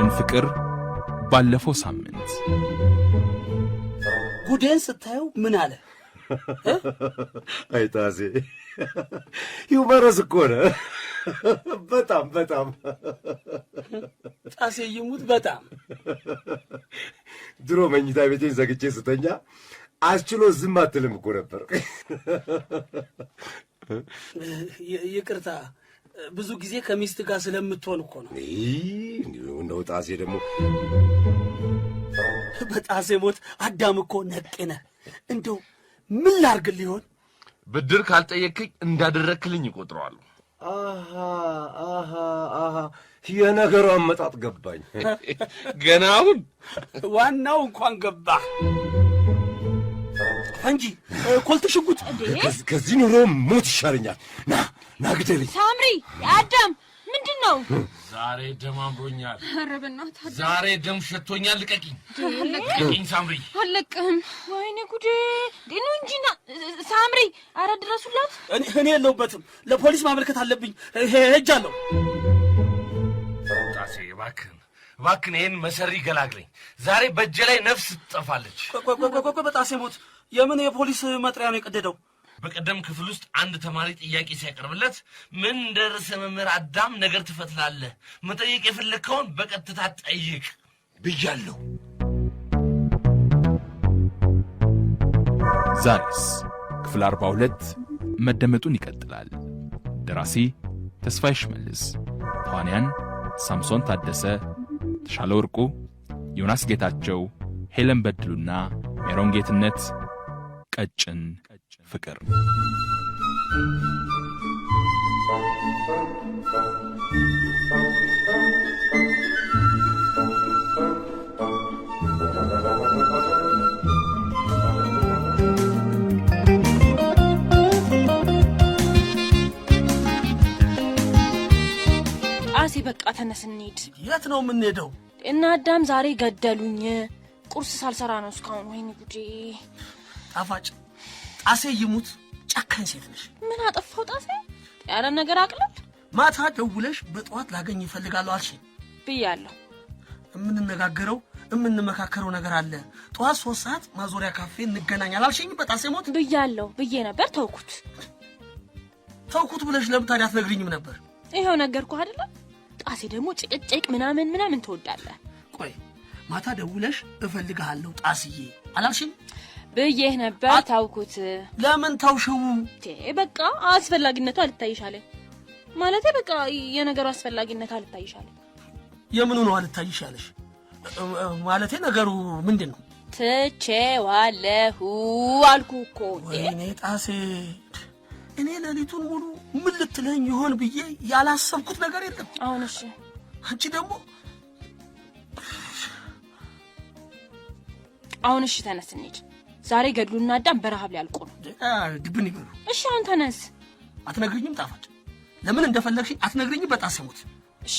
የሚያቀጭን ፍቅር ባለፈው ሳምንት ጉዴን ስታየው ምን አለ? አይታዜ ይመረስ እኮ ነ በጣም በጣም ጣሴ ይሙት። በጣም ድሮ መኝታ ቤቴን ዘግቼ ስተኛ አስችሎ ዝም አትልም እኮ ነበር። ይቅርታ ብዙ ጊዜ ከሚስት ጋር ስለምትሆን እኮ ነው። እንደ ጣሴ ደግሞ በጣሴ ሞት አዳም እኮ ነቅነ። እንደው ምን ላርግ ሊሆን ብድር ካልጠየክኝ እንዳደረክልኝ እቆጥረዋለሁ። የነገሩ አመጣጥ ገባኝ። ገና አሁን ዋናው እንኳን ገባ። እንጂ ኮልት ሽጉጥ ከዚህ ኑሮ ሞት ይሻለኛል። ና ና ግደልኝ። ሳምሪ አዳም ምንድን ነው ዛሬ? ደም አምሮኛል። ኧረ በእናትህ ዛሬ ደም ሸቶኛል። ልቀቂኝ፣ ልቀቂኝ ሳምሪ። አለቅህም። ወይኔ ጉዴ ዲኑ እንጂና ሳምሪ። ኧረ ድረሱላት። እኔ የለሁበትም። ለፖሊስ ማመልከት አለብኝ። ሄጃለሁ። ጣሴ እባክህን እባክህን ይህን መሰሪ ገላግለኝ። ዛሬ በእጄ ላይ ነፍስ ትጠፋለች። በጣሴ ሞት የምን የፖሊስ መጥሪያ ነው የቀደደው? በቀደም ክፍል ውስጥ አንድ ተማሪ ጥያቄ ሲያቀርብለት ምን እንደ ርዕሰ መምህር አዳም ነገር ትፈትላለህ፣ መጠየቅ የፈለግከውን በቀጥታ ጠይቅ ብያለሁ። ዛሬስ ክፍል 42 መደመጡን ይቀጥላል። ደራሲ ተስፋዬ ሽመልስ፣ ተዋንያን ሳምሶን ታደሰ፣ ተሻለ ወርቁ፣ ዮናስ ጌታቸው፣ ሄለን በድሉና ሜሮን ጌትነት ቀጭን ፍቅር አሴ በቃ ተነስ እንሂድ። የት ነው የምንሄደው? እና አዳም ዛሬ ገደሉኝ። ቁርስ ሳልሰራ ነው እስካሁን። ወይኔ ጉዴ ጣፋጭ ጣሴ ይሙት ጨካኝ ሴት ነሽ። ምን አጠፋው ጣሴ? ያረ ነገር አቅለል? ማታ ደውለሽ በጠዋት ላገኝ ይፈልጋለሁ አልሽ ብያለሁ። የምንነጋገረው የምንመካከረው ነገር አለ። ጠዋት ሶስት ሰዓት ማዞሪያ ካፌ እንገናኛል አልሽኝ። በጣሴ ሞት ብያለሁ ብዬ ነበር። ተውኩት ተውኩት ብለሽ ለምን ታዲያ አትነግሪኝም ነበር? ይኸው ነገርኩ አይደለ? ጣሴ ደግሞ ጭቅጭቅ ምናምን ምናምን ትወዳለህ። ቆይ ማታ ደውለሽ እፈልግሃለሁ ጣስዬ አላልሽኝ? ብዬህ ነበር ታውኩት። ለምን ታውሽው? በቃ አስፈላጊነቱ አልታይሻለ ማለት በቃ የነገሩ አስፈላጊነት አልታይሻለ። የምኑ ነው አልታይሻለሽ? ማለቴ ነገሩ ምንድን ነው? ትቼዋለሁ አልኩ እኮ። እኔ ጣሴ እኔ ሌሊቱን ሙሉ ምን ልትለኝ ይሆን ብዬ ያላሰብኩት ነገር የለም። አሁን እሺ፣ አንቺ ደግሞ አሁን እሺ፣ ተነስ እንሂድ ዛሬ ገድሉና አዳም በረሃብ ሊያልቁ ነው። ድብን ይበሉ። እሺ አንተ ነስ አትነግርኝም? ጣፋጭ ለምን እንደፈለግሽ አትነግርኝ? በጣም ስሙት። እሺ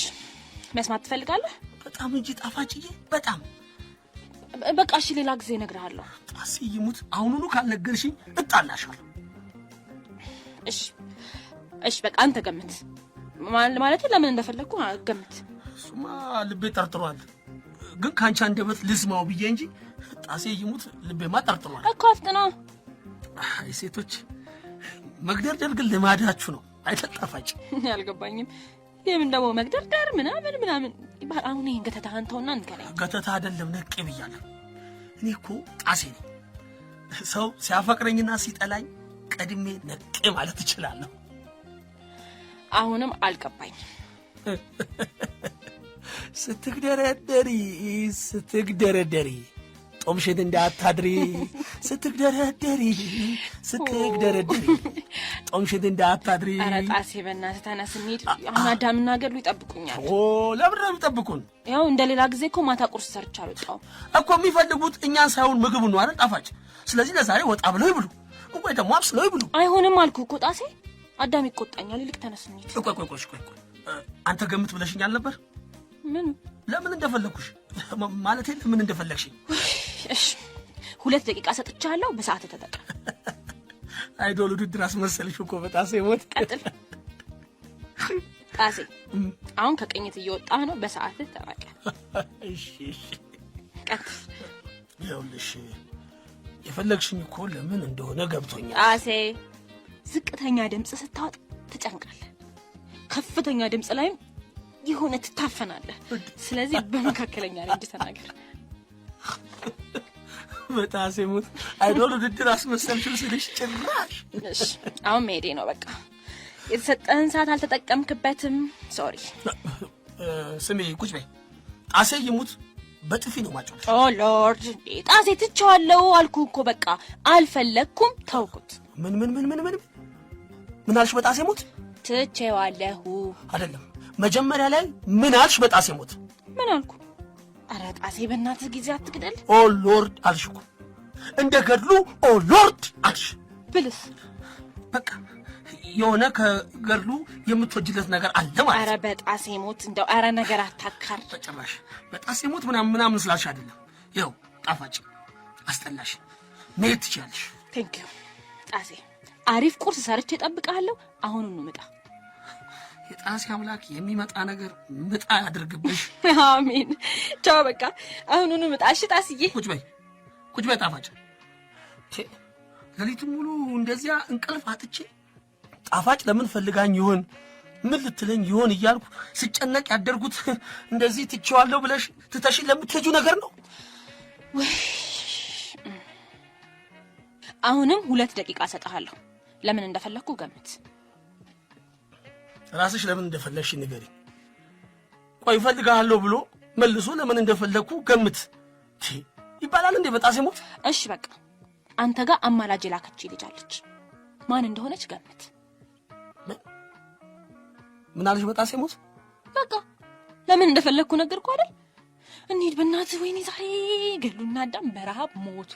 መስማት ትፈልጋለህ? በጣም እንጂ ጣፋጭዬ፣ በጣም በቃ እሺ፣ ሌላ ጊዜ እነግርሃለሁ። ጣሴ ይሙት፣ አሁኑኑ ካልነገርሽኝ እጣላሻለሁ። እሺ እሺ፣ በቃ አንተ ገምት። ማለት ለምን እንደፈለግኩ ገምት። እሱማ ልቤ ጠርጥሯል። ግን ከአንቺ አንደበት ልስማው ብዬ እንጂ ጣሴ ይሙት ልቤማ ጠርጥሯል እኮ አፍጥኖ። አይ ሴቶች መግደርደር ግን ልማዳችሁ ነው አይደል? ጣፋጭ አልገባኝም። የምን ደግሞ መግደርደር ምናምን ምናምን ይባል። አሁን ይህን ገተታህን ተውና እንገናኝ። ገተታ አይደለም ነቄ ብያለሁ። እኔ እኮ ጣሴ ነው። ሰው ሲያፈቅረኝና ሲጠላኝ ቀድሜ ነቄ ማለት እችላለሁ። አሁንም አልገባኝም። ስትግደረደሪ ስትግደረደሪ ጦምሽን እንዳታድሪ ስትግደረደሪ ስትግደረደሪ ጦምሽን እንዳታድሪ። ኧረ ጣሴ በእናትህ ተነስ እንሂድ። አሁን አዳምና ገሉ ይጠብቁኛል። ለምን ነው የሚጠብቁን? ያው እንደ ሌላ ጊዜ እኮ ማታ ቁርስ ሰርቻ አልወጣሁም እኮ። የሚፈልጉት እኛን ሳይሆን ምግብ ነው አይደል? ጣፋጭ። ስለዚህ ለዛሬ ወጣ ብለው ይብሉ ወይ ደግሞ አብስለው ይብሉ። አይሆንም አልኩ እኮ ጣሴ። አዳም ይቆጣኛል። ይልቅ ተነስኒት። እንሂድ። ቆይ ቆይ ቆይ፣ አንተ ገምት ብለሽኛል ነበር ለምን እንደፈለግኩሽ ማለቴ ለምን እንደፈለግሽኝ። እሺ ሁለት ደቂቃ ሰጥቻለሁ፣ በሰዓት ተጠቀም። አይዶል ውድድር አስመሰልሽ እኮ በጣሴ ሞት። ቀጥል ጣሴ። አሁን ከቅኝት እየወጣህ ነው፣ በሰዓት ተጠቀም። እሺ እሺ፣ ቀጥል። ይኸውልሽ የፈለግሽኝ እኮ ለምን እንደሆነ ገብቶኛል። ጣሴ፣ ዝቅተኛ ድምፅ ስታወጥ ትጨንቃለህ፣ ከፍተኛ ድምፅ ላይም የሆነ ትታፈናለህ። ስለዚህ በመካከለኛ ላይ ተናገር። በጣሴ ሞት አይዶል ውድድር አስመሰልሽው ስልሽ ጭራሽ። አሁን መሄዴ ነው በቃ። የተሰጠህን ሰዓት አልተጠቀምክበትም። ሶሪ። ስሜ ቁጭ በይ። ጣሴ ይሙት በጥፊ ነው ማጫወት። ኦ ሎርድ ጣሴ ትቼዋለሁ አልኩ እኮ በቃ አልፈለግኩም፣ ተውኩት። ምን ምን ምን ምን ምን ምን አልሽ? በጣሴ ሞት ትቼዋለሁ አይደለም መጀመሪያ ላይ ምን አልሽ? በጣሴ ሞት ምን አልኩ? ኧረ ጣሴ በእናትህ ጊዜ አትግደል። ኦ ሎርድ አልሽ እኮ እንደ ገድሉ ኦ ሎርድ አልሽ ብልስ በቃ የሆነ ከገድሉ የምትወጅለት ነገር አለ ማለት። ኧረ በጣሴ ሞት እንደው ኧረ ነገር አታካር። በጭራሽ በጣሴ ሞት ምናምን ምናምን ስላልሽ አይደለም። ይኸው ጣፋጭ አስጠላሽ። መሄድ ትችላለሽ። ዩ ጣሴ። አሪፍ ቁርስ ሰርቼ እጠብቅሃለሁ። አሁኑኑ ምጣ። የጣሲ አምላክ የሚመጣ ነገር ምጣ ያድርግብሽ። አሜን። ቻው። በቃ አሁኑኑ ምጣ። እሺ ጣስዬ፣ ቁጭ በይ ቁጭ በይ። ጣፋጭ፣ ሌሊቱን ሙሉ እንደዚያ እንቅልፍ አጥቼ ጣፋጭ ለምን ፈልጋኝ ይሆን ምን ልትለኝ ይሆን እያልኩ ስጨነቅ ያደርጉት እንደዚህ ትቼዋለሁ ብለሽ ትተሽን ለምትሄጁ ነገር ነው አሁንም ሁለት ደቂቃ ሰጠሃለሁ። ለምን እንደፈለግኩ ገምት። ራስሽ ለምን እንደፈለግሽ ንገሪ። ቆይ እፈልግሃለሁ ብሎ መልሶ ለምን እንደፈለግኩ ገምት ይባላል እንዴ? በጣሴ ሲሞት። እሺ በቃ አንተ ጋር አማላጅ የላከች ልጅ አለች። ማን እንደሆነች ገምት። ምን አለች? በጣሴ ሲሞት። በቃ ለምን እንደፈለግኩ ነገርኩ አይደል? እንሂድ በእናትህ። ወይኔ ዛሬ ገሉና አዳም በረሃብ ሞቱ።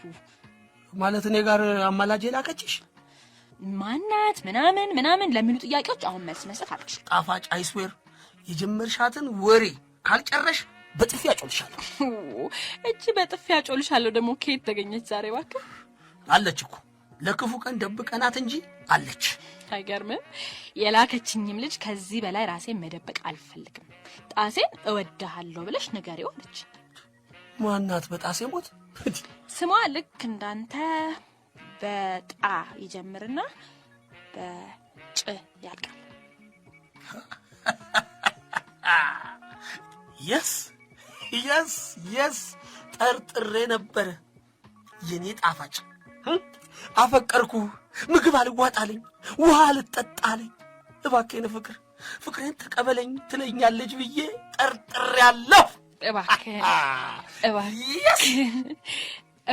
ማለት እኔ ጋር አማላጅ የላከችሽ ማናት ምናምን ምናምን ለሚሉ ጥያቄዎች አሁን መልስ መስጠት አልችል። ጣፋጭ አይስዌር የጀመርሻትን ወሬ ካልጨረሽ በጥፊ አጮልሻለሁ። እቺ በጥፊ አጮልሻለሁ ደግሞ ከየት ተገኘች ዛሬ? እባክህ አለች እኮ ለክፉ ቀን ደብቀናት እንጂ አለች። አይገርምም? የላከችኝም ልጅ ከዚህ በላይ ራሴን መደበቅ አልፈልግም፣ ጣሴን እወድሃለሁ ብለሽ ንገሪው አለች። ማናት? በጣሴ ሞት ስሟ ልክ እንዳንተ በጣ ይጀምርና በጭ ያልቃል። የስ የስ የስ ጠርጥሬ ነበረ። የኔ ጣፋጭ አፈቀርኩ። ምግብ አልዋጣልኝ፣ ውሃ አልጠጣልኝ። እባክህን ፍቅር ፍቅሬን ተቀበለኝ ትለኛለች ብዬ ጠርጥሬ አለሁ። እባክህ እባክህ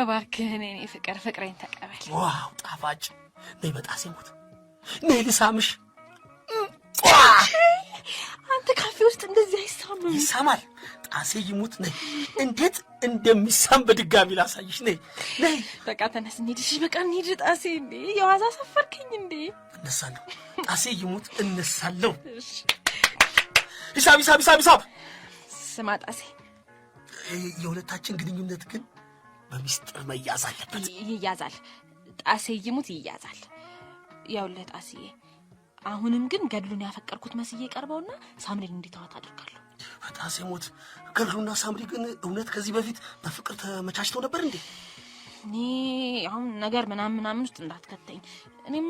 እባክህን የኔ ፍቅር ፍቅሬን ተቀበል። ዋው ጣፋጭ ነይ በጣ ሙት ነይ ልሳምሽ። አንተ ካፌ ውስጥ እንደዚህ አይሳምም። ይሳማል። ጣሴ ይሙት ነይ። እንዴት እንደሚሳም በድጋሚ ላሳይሽ። ነይ ነይ። በቃ ተነስ እንሂድ። እሺ በቃ እንሂድ። ጣሴ እንዴ የዋዛ ሰፈርከኝ እንዴ? እነሳለሁ። ጣሴ ይሙት እነሳለሁ። ሂሳብ ሂሳብ ሂሳብ ሂሳብ። ስማ ጣሴ፣ የሁለታችን ግንኙነት ግን በሚስጥር መያዝ አለበት። ይያዛል። ጣሴ ይሙት ይያዛል። ያውለ ጣስዬ፣ አሁንም ግን ገድሉን ያፈቀርኩት መስዬ ቀርበውና ሳምሪን እንዲተዋት አድርጋለሁ። ጣሴ ሞት ገድሉና ሳምሪ ግን እውነት ከዚህ በፊት በፍቅር ተመቻችተው ነበር እንዴ? እኔ አሁን ነገር ምናምን ምናምን ውስጥ እንዳትከተኝ። እኔም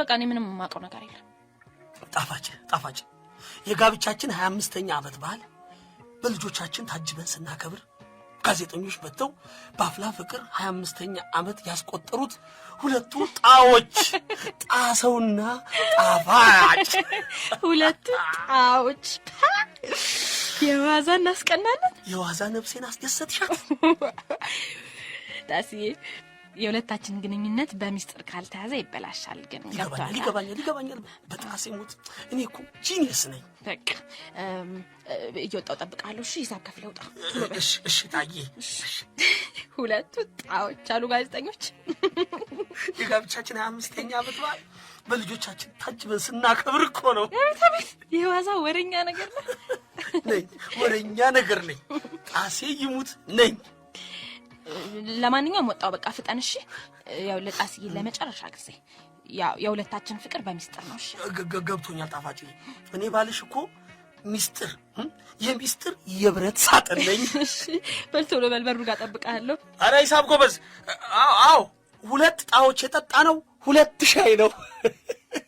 በቃ እኔ ምንም የማውቀው ነገር የለም። ጣፋጭ ጣፋጭ የጋብቻችን ሀያ አምስተኛ ዓመት በዓል በልጆቻችን ታጅበን ስናከብር ጋዜጠኞች መጥተው በአፍላ ፍቅር ሀያ አምስተኛ ዓመት ያስቆጠሩት ሁለቱ ጣዎች ጣሰውና ጣፋጭ ሁለቱ ጣዎች የዋዛ እናስቀናለን። የዋዛ ነፍሴን አስደሰትሻት ጣስዬ። የሁለታችን ግንኙነት በሚስጥር ካልተያዘ ይበላሻል። ግን ይገባኛል ይገባኛል ይገባኛል። በጣሴ ሞት እኔ እኮ ጂኒየስ ነኝ። በቃ እየወጣው ጠብቃለሁ። እሺ ሂሳብ ከፍለው ውጣ። እሺ ታዬ። ሁለቱ ጣዎች አሉ ጋዜጠኞች። የጋብቻችን ሀያ አምስተኛ ዓመት በዓል በልጆቻችን ታጅበን ስናከብር እኮ ነው። የዋዛ ወረኛ ነገር ነኝ፣ ወረኛ ነገር ነኝ። ጣሴ ይሙት ነኝ ለማንኛውም ወጣው በቃ ፍጠን። እሺ ያው ለጣስዬ ለመጨረሻ ጊዜ ያው የሁለታችን ፍቅር በሚስጥር ነው። እሺ ገብቶኛል። ጣፋጭ እኔ ባልሽ እኮ ሚስጥር የሚስጥር የብረት ሳጥን ነኝ። እሺ በልቶ ነው በልበሩ ጋር ጠብቃለሁ። አረ ሂሳብ ጎበዝ። አዎ ሁለት ጣዎች የጠጣ ነው፣ ሁለት ሻይ ነው።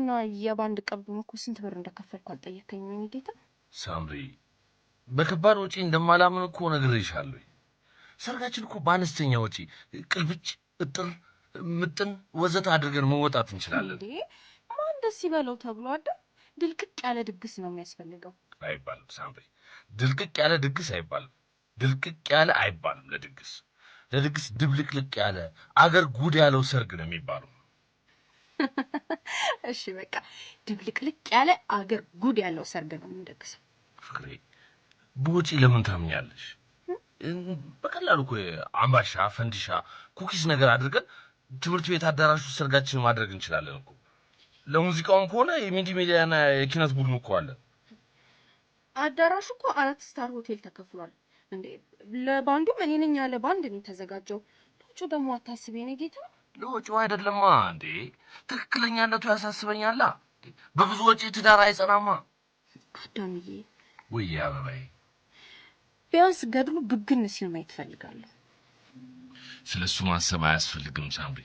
እና የባንድ ቀብም እኮ ስንት ብር እንደከፈልኩ አልጠየከኝም። ጌታ ሳምሪ፣ በከባድ ወጪ እንደማላምን እኮ ነግሬሻለሁ። ሰርጋችን እኮ በአነስተኛ ወጪ ቅልብጭ፣ እጥር፣ ምጥን ወዘት አድርገን መወጣት እንችላለን። ማን ደስ ይበለው ተብሎ አደ ድልቅቅ ያለ ድግስ ነው የሚያስፈልገው። አይባልም ሳምሪ፣ ድልቅቅ ያለ ድግስ አይባልም። ድልቅቅ ያለ አይባልም ለድግስ ለድግስ ድብልቅልቅ ያለ አገር ጉድ ያለው ሰርግ ነው የሚባለው። እሺ በቃ ድብልቅልቅ ያለ አገር ጉድ ያለው ሰርግ ነው የምንደግሰው። ፍቅሬ በውጪ ለምን ታምኛለሽ? በቀላሉ እኮ አምባሻ፣ ፈንዲሻ፣ ኩኪስ ነገር አድርገን ትምህርት ቤት አዳራሹ ሰርጋችን ማድረግ እንችላለን እኮ። ለሙዚቃውም ከሆነ የሚዲሜዲያና የኪነት ቡድን እኮ አለ። አዳራሹ እኮ አራት ስታር ሆቴል ተከፍሏል። እንዴ ለባንዱም እኔ ነኝ ያለ ባንድ ነው የተዘጋጀው። ቶቹ ደግሞ አታስቤ የኔ ጌታ ለወጪው አይደለማ እንዴ? ትክክለኛነቱ ያሳስበኛላ። በብዙ ወጪ ትዳር አይጸናማ። ዳምዬ ውይ አበባዬ፣ ቢያንስ ገድሉ ብግን ሲል ማየት እፈልጋለሁ። ስለ እሱ ማሰብ አያስፈልግም ሳምሪ።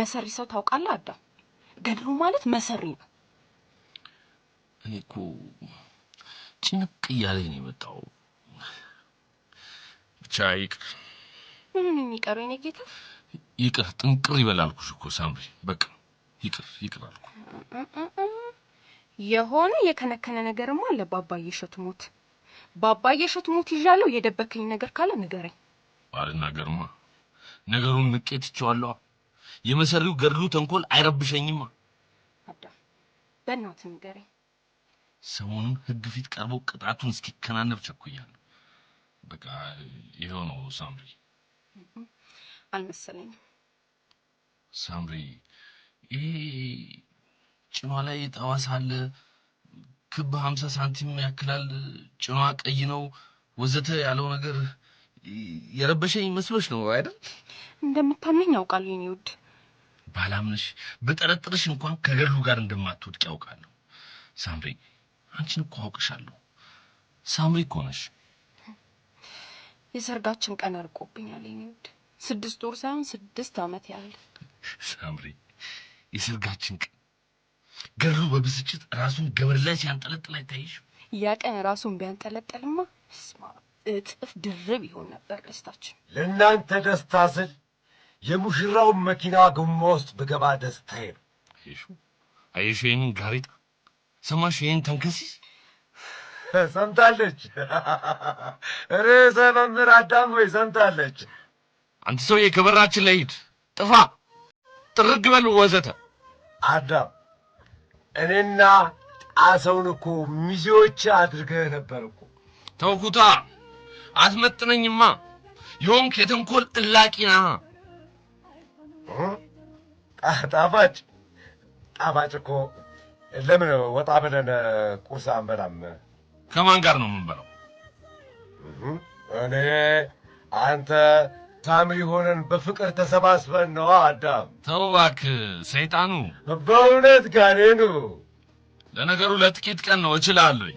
መሰሪ ሰው ታውቃለህ አዳም? ገድሉ ማለት መሰሪ ነው። እኔ እኮ ጭንቅ እያለኝ ነው የመጣው። ብቻ ይቅር። ምንም የሚቀረው የኔ ጌታ ይቅር ጥንቅር ይበል አልኩሽ እኮ ሳምሪ። በቃ ይቅር ይቅር አልኩ። የሆነ የከነከነ ነገርማ አለ። ባባዬ እሸቱ ሞት ባባዬ እሸቱ ሞት ይዣለሁ። የደበከኝ ነገር ካለ ንገረኝ። አልናገርማ፣ ነገሩን ንቄ ትቼዋለሁ። የመሰሪው ገድሉ ተንኮል አይረብሸኝማ። አዳ በእናትህ ንገረኝ። ሰሞኑን ህግ ፊት ቀርቦ ቅጣቱን እስኪከናነብ ቸኩያለሁ። በቃ ይኸው ነው ሳምሪ። አልመሰለኝም። ሳምሪ ይሄ ጭኗ ላይ ጠባሳ አለ፣ ክብ ሀምሳ ሳንቲም ያክላል፣ ጭኗ ቀይ ነው ወዘተ ያለው ነገር የረበሸኝ መስሎች ነው አይደል? እንደምታምነኝ ያውቃለሁ የኔ ውድ። ባላምንሽ በጠረጥርሽ እንኳን ከገድሉ ጋር እንደማትወድቅ ያውቃለሁ። ሳምሪ አንቺን እኮ አውቅሻለሁ። ሳምሪ እኮ ነሽ። የሰርጋችን ቀን አርቆብኛል የኔ ውድ። ስድስት ወር ሳይሆን ስድስት ዓመት ያህል ሳምሪ፣ የሰርጋችን ቀን ገሩ በብስጭት ራሱን ገበር ላይ ሲያንጠለጥል አይታይሽ? ያ ቀን ራሱን ቢያንጠለጠልማ እጥፍ ድርብ ይሆን ነበር ደስታችን። ለእናንተ ደስታ ስል የሙሽራውን መኪና ጎማ ውስጥ ብገባ ደስታዬ ነው። አየሽ ይህን ጋሪጣ፣ ሰማሽ ይህን ተንከሲስ ሰምታለች። ርዕሰ መምህር አዳም ወይ ሰምታለች። አንተ ሰው የከበራችን ላይ ጥፋ፣ ጥርግ በል ወዘተ። አዳም እኔና ጣሰውን እኮ ሚዜዎች አድርገህ ነበር እኮ። ተውኩታ፣ አትመጥነኝማ። የሆንክ የተንኮል እላቂ ና ጣፋጭ ጣፋጭ እኮ ለምን ወጣ ብለን ቁርስ አንበላም? ከማን ጋር ነው የምንበላው? እኔ አንተ ታሚ ሆነን በፍቅር ተሰባስበን ነው። አዳም ተው እባክህ፣ ሰይጣኑ በእውነት ጋኔኑ። ለነገሩ ለጥቂት ቀን ነው እችላለሁኝ።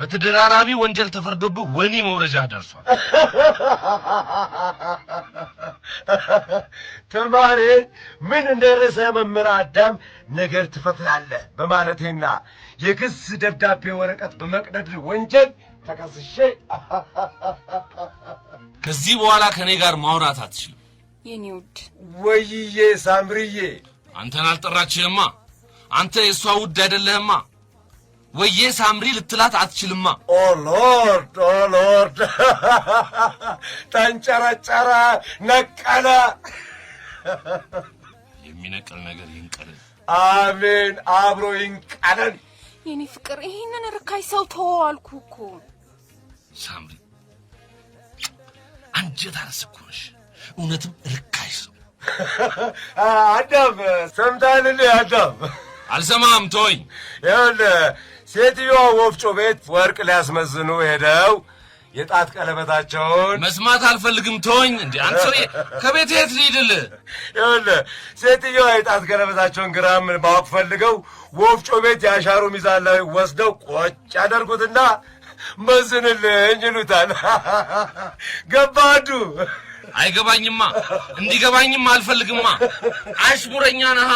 በተደራራቢ ወንጀል ተፈርዶብህ ወኒ መውረጃ ደርሷል። ተማሪ ምን እንደ ርዕሰ መምህር አዳም ነገር ትፈትላለህ በማለቴና የክስ ደብዳቤ ወረቀት በመቅደድ ወንጀል ተከስሼ ከዚህ በኋላ ከኔ ጋር ማውራት አትችልም። የኔ ውድ ወይዬ ሳምርዬ፣ አንተን አልጠራችህማ። አንተ የእሷ ውድ አይደለህማ። ወዬ ሳምሪ ልትላት አትችልማ። ኦ ሎርድ ኦ ሎርድ፣ ተንጨረጨረ፣ ነቀለ። የሚነቀል ነገር ይንቀልን። አሜን፣ አብሮ ይንቀልን። የኔ ፍቅር፣ ይህንን ርካይ ሰው ተወው አልኩ እኮ ሳምሪ አንጀት አነስ እኮ ነሽ። እውነትም ርካሽ ሰው አዳም፣ ሰምታልን? አዳም አልሰማም። ቶይ ይኸውልህ፣ ሴትዮዋ ወፍጮ ቤት ወርቅ ሊያስመዝኑ ሄደው የጣት ቀለበታቸውን መስማት አልፈልግም። ቶኝ እንዲ አንተ ሰውዬ ከቤት የት ሊድል ይኸውልህ ሴትዮዋ የጣት ቀለበታቸውን ግራም ማወቅ ፈልገው ወፍጮ ቤት የአሻሩ ሚዛን ላይ ወስደው ቆጭ ያደርጉትና መስንልኝ ይሉታል። ገባዱ አይገባኝማ፣ እንዲገባኝም አልፈልግማ። አሽሙረኛ ነሃ።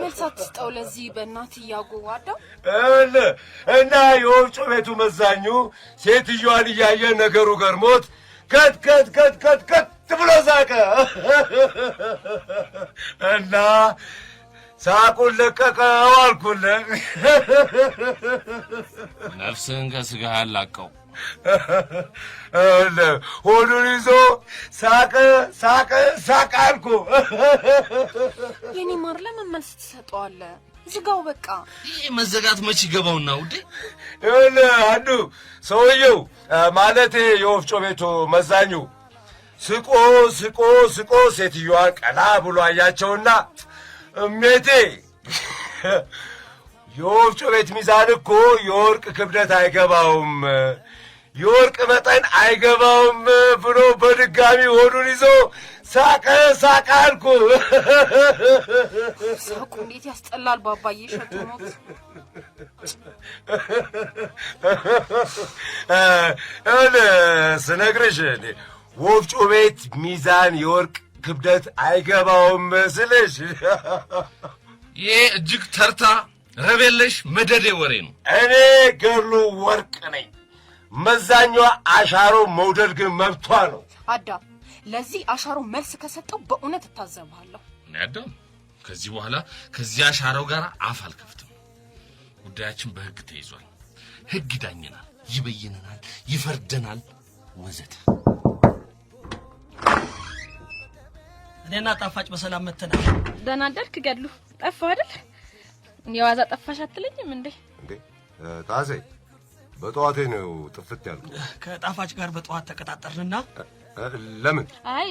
መልስ አትስጠው ለዚህ በእናት እያጎዋዳ እና የወፍጮ ቤቱ መዛኙ ሴትዮዋን እያየ ነገሩ ገርሞት ከት ከት ከት ብሎ ሳቀ እና ሳቁን ለቀቀው አልኩልህ። ነፍስህን ከስጋህ አላቀው። ሆዱን ይዞ ሳቅ ሳቅ ሳቅ አልኩ። የኔ ማር ለምን መልስ ትሰጠዋለህ? ዝጋው በቃ። ይህ መዘጋት መች ይገባውና ውዴ። አንዱ ሰውየው ማለቴ የወፍጮ ቤቱ መዛኙ ስቆ ስቆ ስቆ ሴትዮዋን ቀላ ብሎ አያቸውና እሜቴ የወፍጮ ቤት ሚዛን እኮ የወርቅ ክብደት አይገባውም፣ የወርቅ መጠን አይገባውም ብሎ በድጋሚ ሆዱን ይዞ ሳቀ። ሳቀ አልኩ። ሳቁ እንዴት ያስጠላል! ባባዬ ሸቱኖት ስነግርሽ ወፍጮ ቤት ሚዛን የወርቅ ክብደት አይገባውም ስልሽ ይሄ እጅግ ተርታ ረቤለሽ መደዴ ወሬ ነው። እኔ ገድሉ ወርቅ ነኝ። መዛኛ አሻሮ መውደድ ግን መብቷ ነው። አዳም ለዚህ አሻሮ መልስ ከሰጠው በእውነት እታዘብሃለሁ። እኔ አዳም ከዚህ በኋላ ከዚህ አሻሮ ጋር አፍ አልከፍትም። ጉዳያችን በህግ ተይዟል። ህግ ይዳኘናል፣ ይበይነናል፣ ይፈርደናል ወዘተ ደህና ጣፋጭ በሰላም መተናል። ደህና አደርክ ገድሉ። ጠፋ አይደል? የዋዛ ጠፋሽ አትለኝም እንዴ? እንዴ ታዜ በጠዋቴ ነው ጥፍት ያልኩ። ከጣፋጭ ጋር በጠዋት ተቀጣጠርንና ለምን? አይ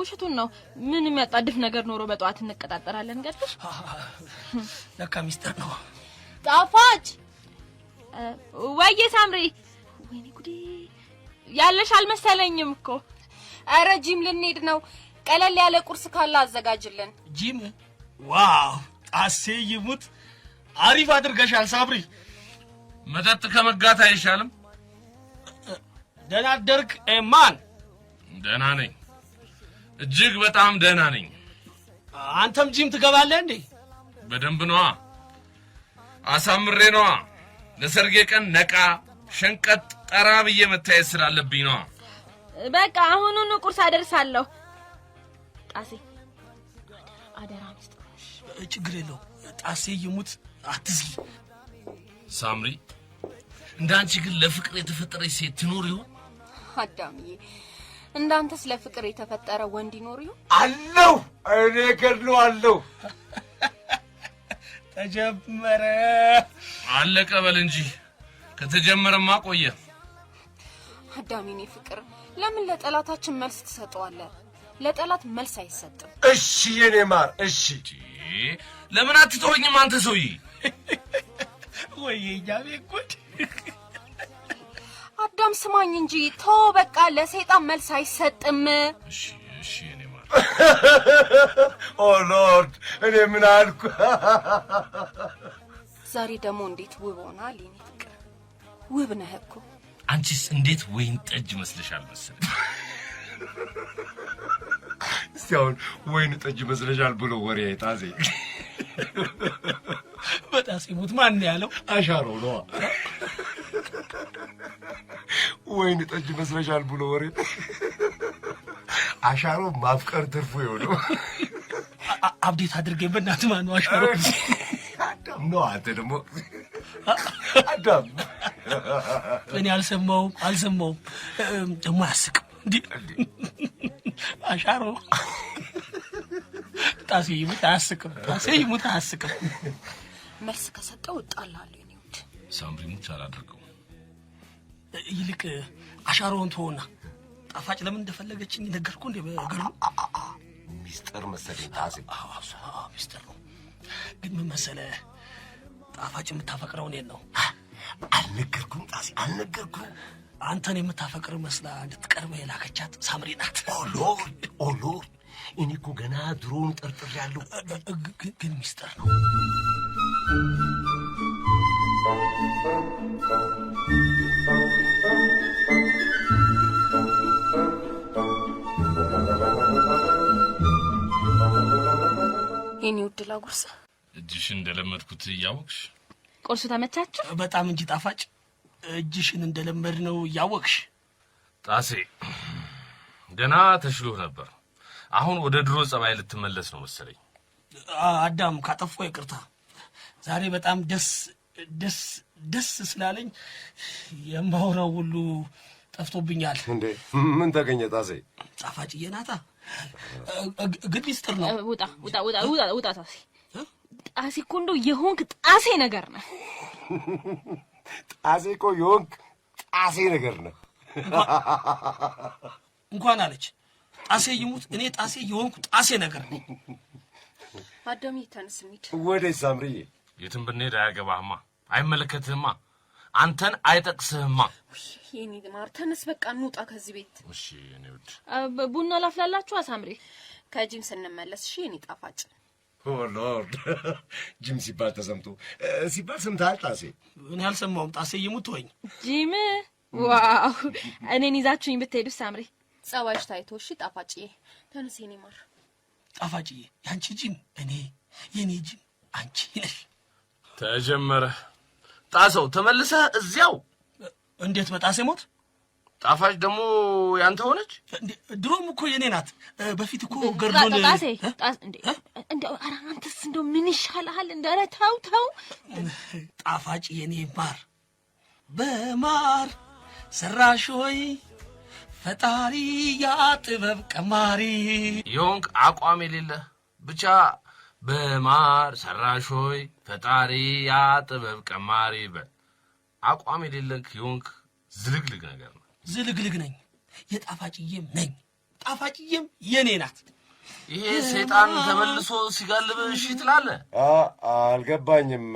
ውሸቱን ነው። ምን የሚያጣድፍ ነገር ኖሮ በጠዋት እንቀጣጠራለን? ገድልሽ ለካ ሚስጥር ነው። ጣፋጭ ወዬ ሳምሪ፣ ወይኔ ጉዴ! ያለሽ አልመሰለኝም እኮ። ኧረ ጂም ልንሄድ ነው ቀለል ያለ ቁርስ ካለ አዘጋጅልን። ጂም ዋው፣ ጣሴ ይሙት አሪፍ አድርገሻል ሳብሪ። መጠጥ ከመጋት አይሻልም? ደህና አደርክ ኤማን? ደህና ነኝ፣ እጅግ በጣም ደህና ነኝ። አንተም ጂም ትገባለህ እንዴ? በደንብ ነዋ፣ አሳምሬ ነዋ። ለሰርጌ ቀን ነቃ ሸንቀጥ ጠራ ብዬ መታየት ስላለብኝ ነዋ። በቃ አሁኑኑ ቁርስ አደርሳለሁ። ጣሴ አደራ ችግር የለው። ጣሴ ይሙት አትዝጊ። ሳምሪ እንዳንቺ ግን ለፍቅር የተፈጠረች ሴት ትኖር ይሆን? አዳምዬ እንዳንተስ ለፍቅር የተፈጠረ ወንድ ይኖር ይሆን? አለው እኔ ገድሎ አለው። ተጀመረ አለቀ በል እንጂ ከተጀመረማ ቆየ። አዳሚኔ ፍቅር ለምን ለጠላታችን መልስ ትሰጠዋለህ? ለጠላት መልስ አይሰጥም። እሺ የኔ ማር፣ እሺ። ለምን አትተወኝም አንተ ሰውዬ? ወየኛ ቤጉድ አዳም ስማኝ እንጂ ቶ በቃ፣ ለሰይጣን መልስ አይሰጥም። እሺ እሺ የኔ ኦ ሎርድ እኔ ምን አልኩ? ዛሬ ደግሞ እንዴት ውብ ሆና ሊኒ ፍቅር፣ ውብ ነህ እኮ አንቺስ እንዴት ወይን ጠጅ መስለሻል መሰለኝ። እስቲ አሁን ወይን ጠጅ መስለሻል ብሎ ወሬ ጣሴ በጣሴ ሞት ማን ያለው አሻሮ ነዋ። ወይን ጠጅ መስለሻል ብሎ ወሬ አሻሮ ማፍቀር ትርፉ የሆነው አብዴት አድርጌ በእናትህ ማነው አሻሮ? አዳም ነው። አንተ ደግሞ አዳም እኔ አልሰማውም አልሰማውም ደግሞ አያስቅም እንዲህ አሻሮ ጣሴ ይሙት አያስቅም። ጣሴ ይሙት አያስቅም። መልስ ከሰጠው እጣላለሁ። እኔ ውድ ሳምሪ ሙች አላደርገው። ይልቅ አሻሮውን ትሆና ጣፋጭ ለምን እንደፈለገች ነገርኩ። እንዴ? በገሩ ሚስጥር መሰለኝ። ጣሴ ሚስጥር ነው። ግን ምን መሰለ ጣፋጭ የምታፈቅረው እኔን ነው። አልነገርኩም ጣሴ፣ አልነገርኩም አንተን የምታፈቅር መስላ እንድትቀርበ የላከቻት ሳምሪ ናት። ኦሎርድ ኦሎርድ፣ እኔ እኮ ገና ድሮውን ጠርጥር ያለው ግን ሚስጥር ነው። የኔ ውድ ላጉርስ። እጅሽ እንደለመድኩት እያወቅሽ ቁርሱ ተመቻችሁ? በጣም እንጂ ጣፋጭ እጅሽን እንደለመድ ነው እያወቅሽ። ጣሴ ገና ተሽሎህ ነበር። አሁን ወደ ድሮ ጸባይ ልትመለስ ነው መሰለኝ። አዳም ካጠፎ ይቅርታ። ዛሬ በጣም ደስ ደስ ደስ ስላለኝ የማውራው ሁሉ ጠፍቶብኛል። እንዴ ምን ተገኘ ጣሴ? ጣፋጭዬ ናታ። ግን ሚስጥር ነው። ውጣ ውጣ ውጣ ውጣ ውጣ። ጣሴ ጣሴ እኮ እንደው የሆንክ ጣሴ ነገር ነው። ጣሴ እኮ የሆንክ ጣሴ ነገር ነው። እንኳን አለች ጣሴ ይሙት እኔ ጣሴ የሆንኩ ጣሴ ነገር ነው። አዳሚ ተነስ እንሂድ። ወዴት ሳምርዬ? የትም ብንሄድ አያገባህማ፣ አይመለከትህማ፣ አንተን አይጠቅስህማ። የኔ ማር ተነስ፣ በቃ እንውጣ ከዚህ ቤት። እሺ፣ እኔ ውድ ቡና ላፍላላችሁ። አሳምሬ ከጂም ስንመለስ እሺ፣ የኔ ጣፋጭ ሎርድ ጂም ሲባል ተሰምቶ ሲባል ሰምተሃል? ጣሴ እኔ አልሰማሁም። ጣሴ ይሙት ወኝ ጂም ዋው! እኔን ይዛችሁኝ ብትሄዱ ሳምሬ። ጸባይሽ ታይቶ እሺ። ጣፋጭዬ ተነስ የኔ ማር ጣፋጭዬ። የአንቺ ጂም እኔ የኔ ጂም አንቺ ነሽ። ተጀመረ። ጣሰው ተመልሰህ እዚያው። እንዴት በጣሴ ሞት ጣፋጭ ደግሞ ያንተ ሆነች? ድሮም እኮ የኔ ናት። በፊት እኮ ገርዶን ጣሴ እንደው ኧረ አንተስ እንደው ምን ይሻልሃል? እንደ ኧረ ተው ተው። ጣፋጭ የኔ ማር በማር ሰራሽ ሆይ ፈጣሪ ያጥበብ ቀማሪ ዮንክ አቋም የሌለ ብቻ በማር ሰራሽ ሆይ ፈጣሪ ያጥበብ ቀማሪ በል። አቋም የሌለክ ዮንክ ዝልግልግ ነገር ነው። ዝልግልግ ነኝ፣ የጣፋጭዬም ነኝ፣ ጣፋጭዬም የኔ ናት። ይሄ ሰይጣን ተመልሶ ሲጋልብ እሺ ትላለ? አልገባኝም።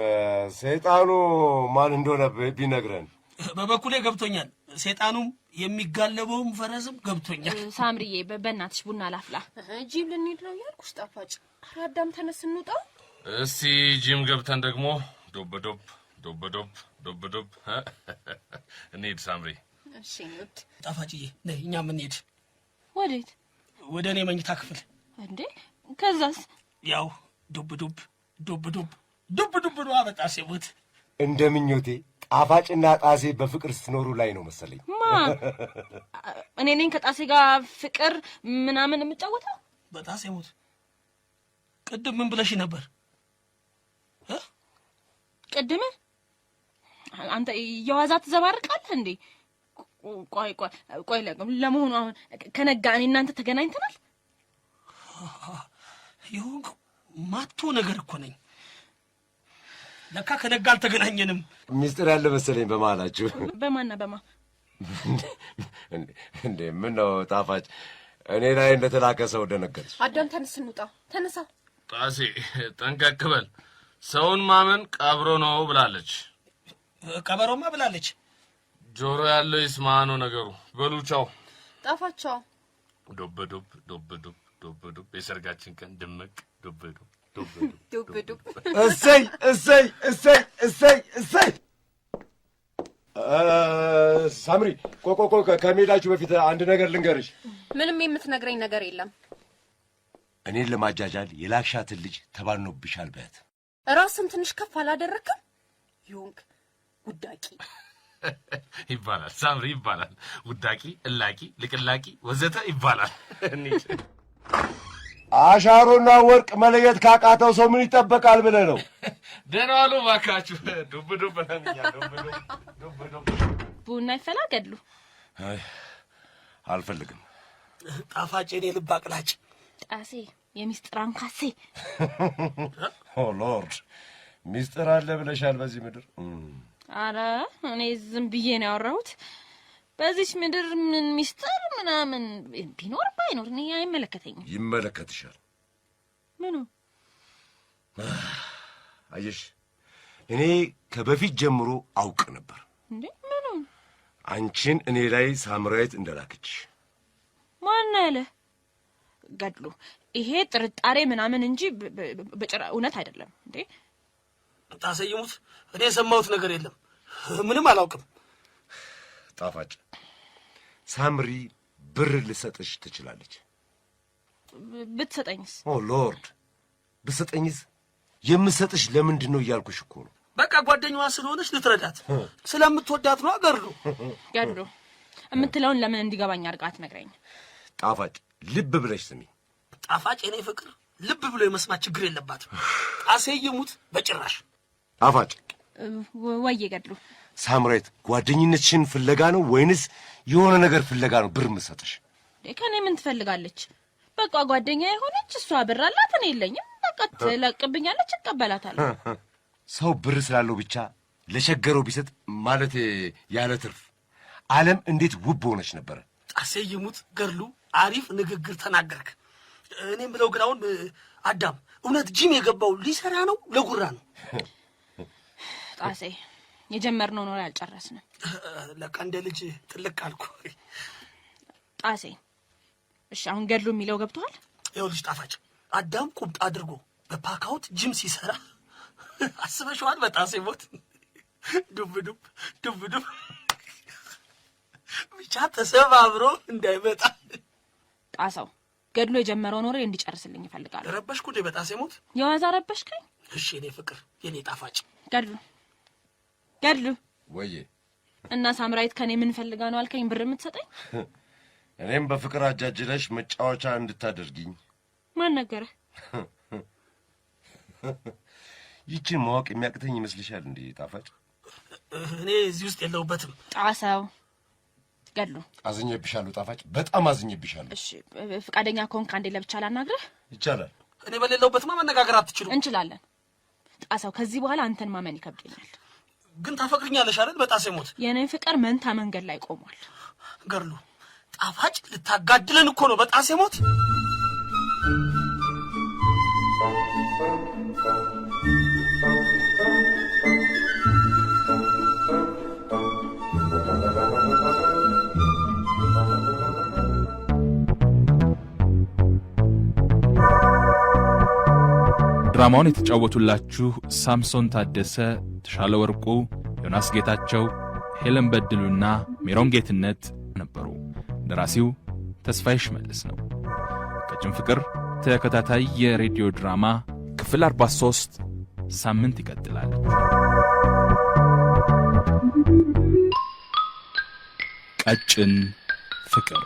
ሰይጣኑ ማን እንደሆነ ቢነግረን። በበኩሌ ገብቶኛል። ሰይጣኑም የሚጋለበውም ፈረስም ገብቶኛል። ሳምርዬ በእናትሽ ቡና ላፍላ። ጂም ልንሄድ ነው ያልኩሽ። ጣፋጭ አዳም ተነስ እንውጣ። እስቲ ጂም ገብተን ደግሞ ዶብ ዶብ ዶብ ዶብ ዶብ ዶብ እንሄድ። ሳምሪ ጣፋጭዬ፣ እኛ የምንሄድ ወዴት? ወደ እኔ መኝታ ክፍል እንዴ? ከዛስ ያው ዱብ ዱብ ዱብ ዱብ ዱብ ዱብ ነው በጣሴ ሞት እንደ ምኞቴ ጣፋጭና ጣሴ በፍቅር ስትኖሩ ላይ ነው መሰለኝ። ማ እኔ ነኝ ከጣሴ ጋር ፍቅር ምናምን የምጫወተው? በጣሴ ሞት ቅድም ምን ብለሽ ነበር? ቅድም አንተ የዋዛ ትዘባርቃለህ እንዴ? ቆይ ቆይ ቆይ፣ ለመሆኑ አሁን ከነጋ እኔ እናንተ ተገናኝተናል? ይሁን ማቶ ነገር እኮ ነኝ። ለካ ከነጋ አልተገናኘንም። ሚስጢር ያለ መሰለኝ በመሀላችሁ። በማና በማ እንዴ? ምን ነው ጣፋጭ፣ እኔ ላይ እንደተላከ ሰው ደነገጥ። አዳም ተነስ፣ እንውጣ። ተነሳ። ጣሴ ጠንቀቅ በል። ሰውን ማመን ቀብሮ ነው ብላለች። ቀበሮማ ብላለች። ጆሮ ያለው ይስማ ነው ነገሩ። በሉ ቻው። ጣፋቸው ዶብ ዶብ ዶብ ዶብ ዱብ ዱብ የሰርጋችን ቀን ድምቅ ዱብ ዱብ ዱብ ዱብ። እሰይ እሰይ እሰይ እሰይ እሰይ። ሳምሪ ቆቆቆ ከሜዳችሁ በፊት አንድ ነገር ልንገርሽ። ምንም የምትነግረኝ ነገር የለም። እኔን ለማጃጃል የላክሻትን ልጅ ተባልኖብሻል በት ራስም ትንሽ ከፍ አላደረክም? ዮንክ ውዳቂ ይባላል። ሳምሪ ይባላል። ውዳቂ፣ እላቂ፣ ልቅላቂ ወዘተ ይባላል። እኔ አሻሮና ወርቅ መለየት ካቃተው ሰው ምን ይጠበቃል ብለ ነው? ደህና ዋሉ እባካችሁ። ዱብ ዱብ ዱብ ዱብ ቡና ይፈላ ገድሉ። አልፈልግም። ጣፋጭ እኔ ልብ አቅላጭ ጣሴ የሚስጥር አንካሴ። ኦ ሎርድ ሚስጥር አለ ብለሻል በዚህ ምድር። አረ እኔ ዝም ብዬ ነው ያወራሁት። በዚች ምድር ምን ሚስጥር ምናምን ቢኖር ባይኖር እኔ አይመለከተኝም። ይመለከትሻል። ምኑ? አየሽ፣ እኔ ከበፊት ጀምሮ አውቅ ነበር። እንዴ? ምኑ? አንቺን እኔ ላይ ሳምራዊት እንደላከች። ማን አለ? ገድሉ፣ ይሄ ጥርጣሬ ምናምን እንጂ በጭራ እውነት አይደለም። እንዴ? ታሰይሙት። እኔ የሰማሁት ነገር የለም፣ ምንም አላውቅም። ጣፋጭ ሳምሪ ብር ልሰጥሽ ትችላለች። ብትሰጠኝስ? ኦ ሎርድ ብትሰጠኝስ? የምሰጥሽ ለምንድን ነው እያልኩሽ እኮ ነው። በቃ ጓደኛዋ ስለሆነች ልትረዳት ስለምትወዳት ነው። አገርዶ ገርዶ የምትለውን ለምን እንዲገባኝ አድርጋ ነግረኝ። ጣፋጭ ልብ ብለሽ ስሚ። ጣፋጭ የኔ ፍቅር ልብ ብሎ የመስማት ችግር የለባትም። አሴ ይሙት በጭራሽ ጣፋጭ ወዬ ገድሉ ሳምራዊት ጓደኝነትሽን ፍለጋ ነው ወይንስ የሆነ ነገር ፍለጋ ነው ብር ምሰጥሽ? ከኔ ምን ትፈልጋለች? በቃ ጓደኛ የሆነች እሷ ብር አላት፣ እኔ የለኝም። በቃ ትለቅብኛለች፣ እቀበላታለሁ። ሰው ብር ስላለው ብቻ ለቸገረው ቢሰጥ ማለት ያለ ትርፍ ዓለም እንዴት ውብ ሆነች ነበረ። ጣሴ ይሙት ገርሉ፣ አሪፍ ንግግር ተናገርክ። እኔ ምለው ግን አሁን አዳም እውነት ጂም የገባው ሊሰራ ነው ለጉራ ነው? ጣሴ የጀመርነው ነው ያልጨረስንም። ለካ እንደ ልጅ ጥልቅ አልኩ። ጣሴ እሺ፣ አሁን ገድሉ የሚለው ገብቷል። ይኸው ልጅ ጣፋጭ አዳም ቁምጣ አድርጎ በፓካውት ጅም ሲሰራ አስበሽዋል? በጣሴ ሞት ዱብ ዱብ ዱብ ዱብ ብቻ ተሰባብሮ እንዳይመጣ ጣሰው ገድሎ የጀመረው ኖሮ እንዲጨርስልኝ ይፈልጋል። ረበሽኩ እንዴ? በጣሴ ሞት የዋዛ ረበሽከኝ። እሺ የኔ ፍቅር የኔ ጣፋጭ ገድሉ ገድሉ ወይ እና ሳምራዊት ከኔ ምን ፈልጋ ነው አልከኝ? ብር የምትሰጠኝ? እኔም በፍቅር አጃጅለሽ መጫወቻ እንድታደርግኝ። ማን ነገረ? ይቺን ማወቅ የሚያቅተኝ ይመስልሻል እንዴ? ጣፋጭ፣ እኔ እዚህ ውስጥ የለውበትም። ጣሰው ገድሉ፣ አዝኜብሻለሁ። ጣፋጭ፣ በጣም አዝኜብሻለሁ። እሺ፣ ፍቃደኛ ከሆንክ አንዴ ለብቻ ላናግርህ። ይቻላል። እኔ በሌለሁበትማ መነጋገር አትችሉ። እንችላለን። ጣሰው፣ ከዚህ በኋላ አንተን ማመን ይከብደኛል። ግን ታፈቅርኛለሽ አይደል? በጣሴ ሞት የኔ ፍቅር መንታ መንገድ ላይ ቆሟል። ገርሉ ጣፋጭ ልታጋድለን እኮ ነው። በጣሴ ሞት ድራማውን የተጫወቱላችሁ ሳምሶን ታደሰ፣ ተሻለ ወርቁ፣ ዮናስ ጌታቸው፣ ሄለን በድሉና ሜሮን ጌትነት ነበሩ። ደራሲው ተስፋዬ ሽመልስ ነው። ቀጭን ፍቅር ተከታታይ የሬዲዮ ድራማ ክፍል 43 ሳምንት ይቀጥላል። ቀጭን ፍቅር